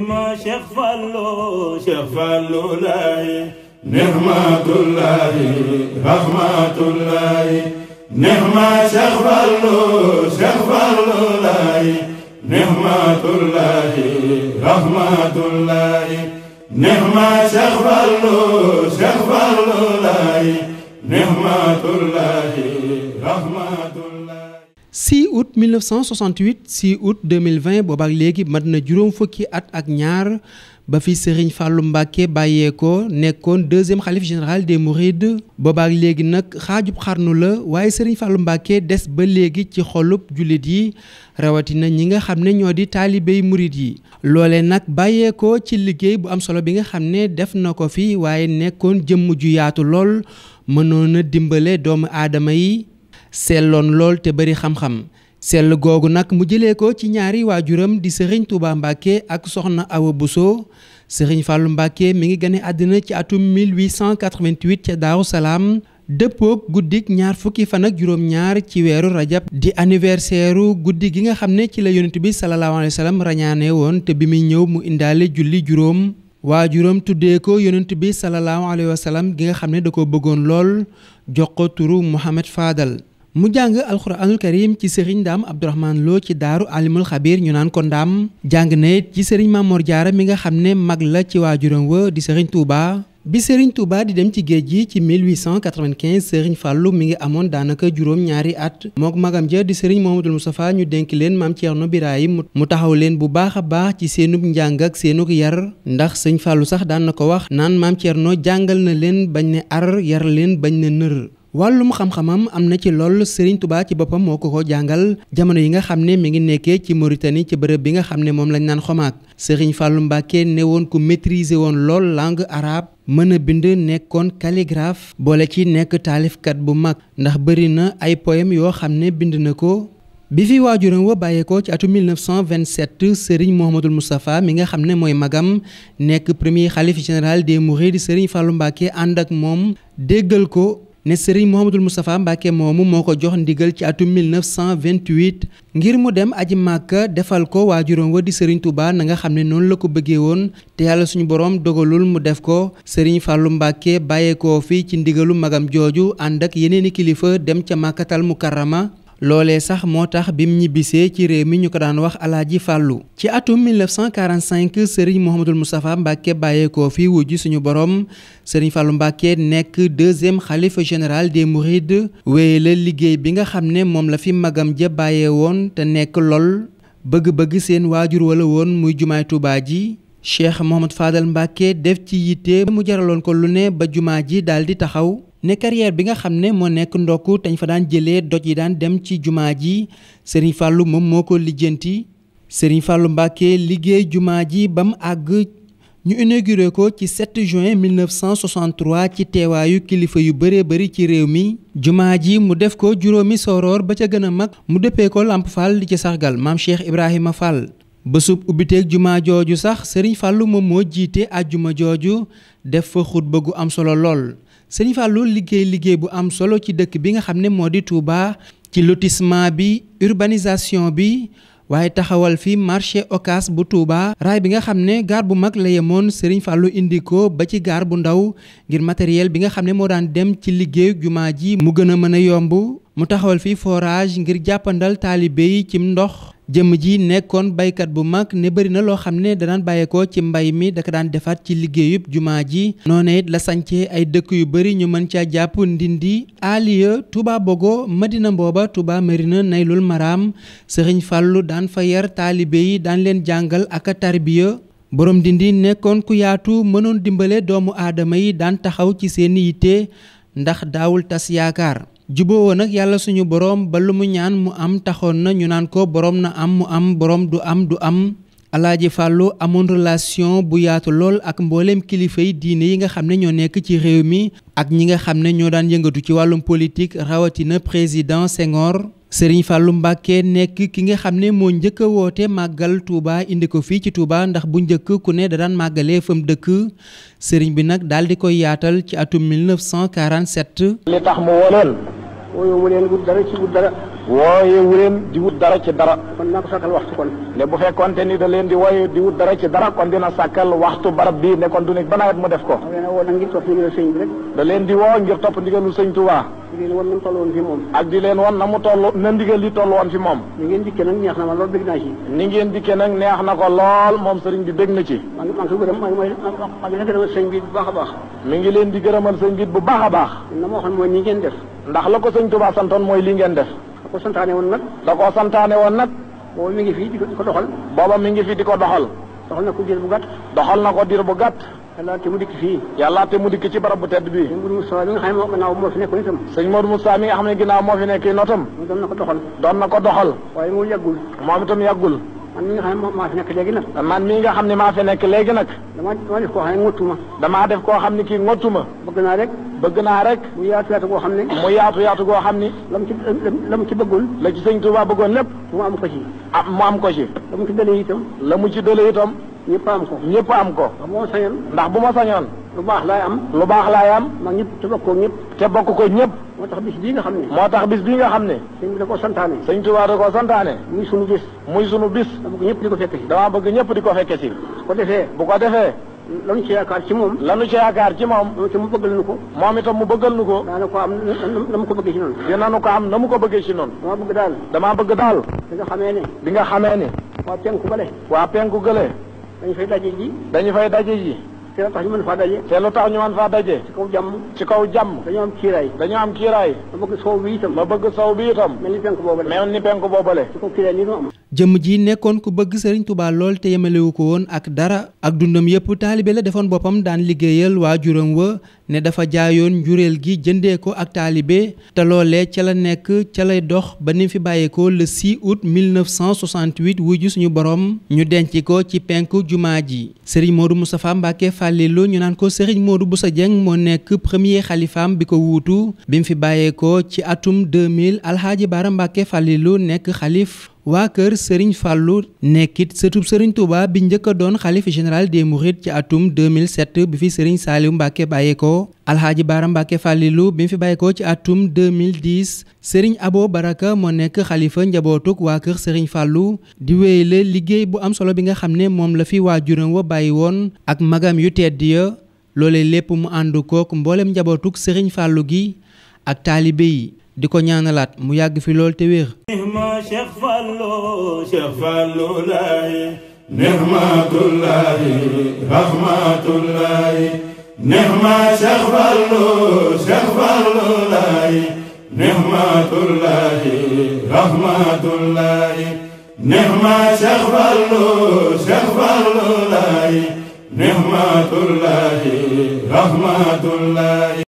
ma Cheikh Fallou Cheikh Fallou laay nixmatullaahi rahmatullaahi nixma Cheikh Fallou Cheikh Fallou laay nixmatullaahi rahmatullaahi nixma Cheikh Fallou Cheikh Fallou laay nixmatullaahi rahmatullaahi 6 août 1968 6 août 2020 boobaak léegi mat na juróom fukki at ak ñaar ba fi Serigne Fallou Mbacké bàyyeekoo nekkoon deuxième xalif général des Mourides boobaak léegi nag xaajub xarnu la waaye Serigne Fallou Mbacké des ba léegi ci xolub jullit yi rawatina ñi nga xam ne ñoo di taalibey murit yi loole nag bàyyeekoo ci liggéey bu am solo bi nga xam ne def na ko fi waaye nekkoon jëmm ju yaatu lool mënoon a dimbale doomu aadama yi selloon lool te bari xam-xam sell googu nag mu jëlee ko ci ñaari waajuram di sëriñ Touba Mbacke ak soxna Awa Bousso sëriñ fàllu Mbacke mi ngi gane àddina ci atum 1888 ca daaw Salaam dëppoog guddik ñaar fukki fan ak juróom-ñaar ci weeru rajab di anniversaire guddi gi nga xam ne ci la yonent bi sallallahu alayhi rañaane woon te bi muy ñëw mu indaale julli juróom waajuram tuddee ko yonent bi sallallahu alayhi gi nga xam ne da ko bëggoon lool jox ko turu Mouhamed Fadal mu jàng alxuraanul karim ci sëriñ ndaam abdourahman loo ci daaru alimul xabir ñu naan ko ndaam jàng na it ci sëriñ Mamor Jaara mi nga xam ne mag la ci waajuram wa di sëriñ Touba. bi sëriñ Touba di dem ci géej gi ci 1895 sëriñ Fallou mi ngi amoon daanaka juróom ñaari at mook magam ja di sëriñ Mouhamadoul Moustapha ñu dénk leen maam Thierno Birahim mu taxaw leen bu baax a baax ci seenub njàng ak seenug yar ndax sëñ Fallou sax daan na ko wax naan maam Thierno jàngal na leen ne ar yar leen bañ na nër wàllum xam-xamam am na ci lool Serigne Touba ci boppam moo ko ko jàngal jamono yi nga xam ne mi ngi nekkee ci Mauritanie ci bërëb bi nga xam ne moom lañ naan xomaak Serigne Fallou Mbacké ne woon ku maîtriser woon lool langue arabe mën a bind nekkoon calligraphe boole ci nekk taalifkat bu mag ndax bëri na ay poème yoo xam ne bind na ko. bi fi waajuram wa bàyyeekoo ci atum 1927 Serigne Mouhamadul Moustapha mi nga xam ne mooy magam nekk premier xalif général des Mourides Serigne Fallou Mbacké ànd ak moom déggal ko. ne sëriñ Mouhamadul Moustapha Mbacke moomu moo ko jox ndigal ci atum 1928 ngir mu dem aji màkka defal ko waajuroom wa di sëriñ Touba na nga xam ne noonu la ko bëggee woon te yàlla suñu borom dogalul mu def ko sëriñ Fallou bàyyee bàyyeekoo fi ci ndigalu magam jooju ànd ak yeneeni kilifa dem ca màkkatal mukarrama loole sax moo tax bi mu ñibbisee ci réew mi ñu ko daan wax alaaji fàllu ci atum 1945 sëriñ Mouhamadul Moustapha Mbacke bàyyeekoo fi wujj suñu borom sëriñ fàllu Mbacke nekk deuxième xalifa général de Mourides wéye la liggéey bi nga xam ne moom la fi magam ja bàyyee woon te nekk lool bëgg-bëgg seen waajur wala woon muy jumaay Tuubaa ji cheikh Mohamad Fadal Mbacke def ci yitte mu jaraloon ko lu ne ba jumaa ji daal di taxaw ne carrière bi nga xam ne moo nekk ndokk te fa daan jëlee doj yi daan dem ci jumaa ji Serigne fàllu moom moo ko lijjanti Serigne fàllu Mbacké liggéey jumaa ji ba mu àgg ñu inauguré ko ci 7 juin 1963 ci teewaayu kilifa yu bëree bëri ci réew mi jumaa ji mu def ko juróomi soroor ba ca gën a mag mu dëppee ko Lamp Fall di ci sargal maam Cheikh Ibrahima Fall bésub ubbiteeg jumaa jooju sax sëriñ fàllu moom moo jiite àjjuma jooju def fa xutba am solo lool sëriñ fàllu liggéey liggéey bu am solo ci dëkk bi nga xam ne moo di Touba ci lotissement bi urbanisation bi waaye taxawal fi marché Ocass bu Touba raay bi nga xam ne gaar bu mag la yemoon sëriñ fàllu indi ko ba ci gaar bu ndaw ngir matériel bi nga xam ne moo daan dem ci liggéey jumaa ji mu gën a mën a yomb mu taxawal fi forage ngir jàppandal taalibe yi cim ndox jëmm ji nekkoon baykat bu mag ne bëri na loo xam ne danaan bàyyeekoo ci mbay mi daka daan defaat ci liggéeyub jumaa ji noonu it la sancee ay dëkk yu bëri ñu mën caa jàpp Ndindi Aliya Touba Bogo Madina Mbooba Touba Marina Naylul Maraam Sëriñ Fàllu daan fa yar taalibe yi daan leen jàngal ak tarbiya borom Ndindi nekkoon ku yaatu mënoon dimbale doomu aadama yi daan taxaw ci seeni yitte ndax daawul tas yaakaar jubóowoo nag yàlla suñu boroom ba lu mu ñaan mu am taxoon na ñu naan ko boroom na am mu am boroom du am du am alaaji fàllu amoon relation bu yaatu lool ak mbooleem kilifa yi diine yi nga xam ne ñoo nekk ci réew mi ak ñi nga xam ne ñoo daan yëngatu ci wàllum politique rawatina président Senghor sëriñ fàllu mbàkke nekk ki nga xam ne moo njëkk woote màggal tuuba indi ko fii ci Touba ndax bu njëkk ku ne da daan màggalee fam dëkk sëriñ bi nag daal di koy yaatal ci atum 1947 li tax mu wooyewu leen wut dara ci wut dara. wooyewu leen di wut dara ci dara. kon naa ko sàkkal waxtu kon. ne bu fekkonte ni da leen di wooye di wut dara ci dara kon dina sàkkal waxtu barab bii ne kon du nekk ba nawet mu def ko. da leen di woo ngir topp ndigalu sëñ bi leen di woo ngir topp ndigalu sëñ Tuubaa. di leen wan na mu toll woon fi moom ak mu ngeen dikkee nag neex na ma lool bég naa ci ni ngeen dikkee nag neex na ko lool moom sëriñ bi bég na ci maa ngi ko gërëm maa ngi maa ngi la gërëmal sëñ bi bu baax a baax mi ngi leen di gërëmal sëñ bi bu baax a baax na ma waxoon def ndax la ko sëñ Tuubaa santoon mooy li ngeen def da ko santaane woon nag da ko ngi fi di ko doxal booba mi ngi fi di ko doxal doxal na ko diir bu gàtt. doxal na ko diir bu gàtt. yàlla te mu dikk fii. yàlla te mu dikk ci barab bu tedd bii. sëñ Modou Moustapha mi nga xam ne ginnaaw moo fi nekkoon itam. sëñ Modou Moustapha mi doon na ko doxal. doon ko doxal. waaye moom yàggul. moom itam yàggul. man mii nga xam ne maa fi nekk léegi nag. man mii nga xam ne maa fi nekk léegi nag. damaa damaa def koo xam ne ngottu ma. damaa def koo xam ne kii ngottu ma. bëgg naa rek. bëgg naa rek. mu yaatu yaatu goo xam ne. mu yaatu yaatu goo xam ni. la mu ci la ci bëggoon. la ci sëñ Tuubaa bëggoon lépp. mu am ko ci. ah mu am ko ci. la mu ci dëlee itam. la mu ci dëlee itam. ñëpp am ko. ñëpp am ko. ndax bu ma sañoon. lu baax laay am lu baax laay am mag ñëpp te bokk ko ñëpp te bokk ko ñëpp moo tax bis bii nga xam ne moo tax bis bii nga xam ne sëñ bi da koo santaane sëñ Tuubaa da koo santaane muy sunu bis muy sunu bis dama bëgg ñëpp di ko fekke si dama bëgg ñëpp di ko fekke si su ko defee bu ko defee lanu ci yaakaar ci moom lanu ci yaakaar ci moom moom itam mu bëggal nu ko moom itam mu bëggal nu ko daana ko am na mu ko bëggee ci noonu dinanu ko am na mu ko bëggee ci noonu dama bëgg daal damaa bëgg daal di nga xamee ne di nga xamee ne waa penku gële waa penku gële dañu fay daje ji dañu fay daje ji te lu tax ñu mën faa daje. te lu tax ñu mën faa daje. ci kaw jàmm. ci kaw jàmm. dañoo am kiiraay. dañoo am kiiraay. ma bëgg sow bi itam. ma bëgg sow bi itam. mel ni penk boobale. mel ni penk boobale. ci kaw kiiraay nii am. jëmm ji nekkoon ku bëgg Serigne Touba lool te yemelewu ko woon ak dara ak dundam yëpp taalibe la defoon boppam daan liggéeyal waajuram wa ne dafa jaayoon njureel gi jëndee ko ak taalibe te loole ca la nekk ca lay dox ba ni fi bàyyeekoo le 6 août 1968 wuju suñu borom ñu denc ko ci penk jumaa ji Serigne Modou Moustapha Mbacké Fallilou ñu naan ko Serigne Modou sa Dieng moo nekk premier xalifaam bi ko wuutu bi mu fi bàyyeekoo ci atum 2000 Alxaaji Baara Mbacké Fallilou nekk xalif waa kër Serigne Fallou nekkiit sëtub Serigne Touba bi njëkk doon xalifa général des Mourides ci atum 2007 bi fi Serigne Saliou Mbacke bàyyeekoo alxaaji Baara Mbacke Fallilou bi mu fi bàyyeekoo ci atum 2010 Serigne Abo Baraka moo nekk xalifa njabootuk waa kër Serigne Fallou di wéy la liggéey bu am solo bi nga xam ne moom la fi waa waajuram wa bàyyi woon ak magam yu tedd ya loole lépp mu ànd kook mboolem njabootuk Serigne Fallou gi ak taalibe yi. di ko ñaanalaat mu yàgg fi lool te wéer Cheikh Fallou Cheikh Fallou laay nihmatullahi rahmatullahi nihma Cheikh Fallou Cheikh Fallou laay nihmatullahi rahmatullahi nihma Cheikh Fallou Cheikh Fallou laay nihmatullahi rahmatullahi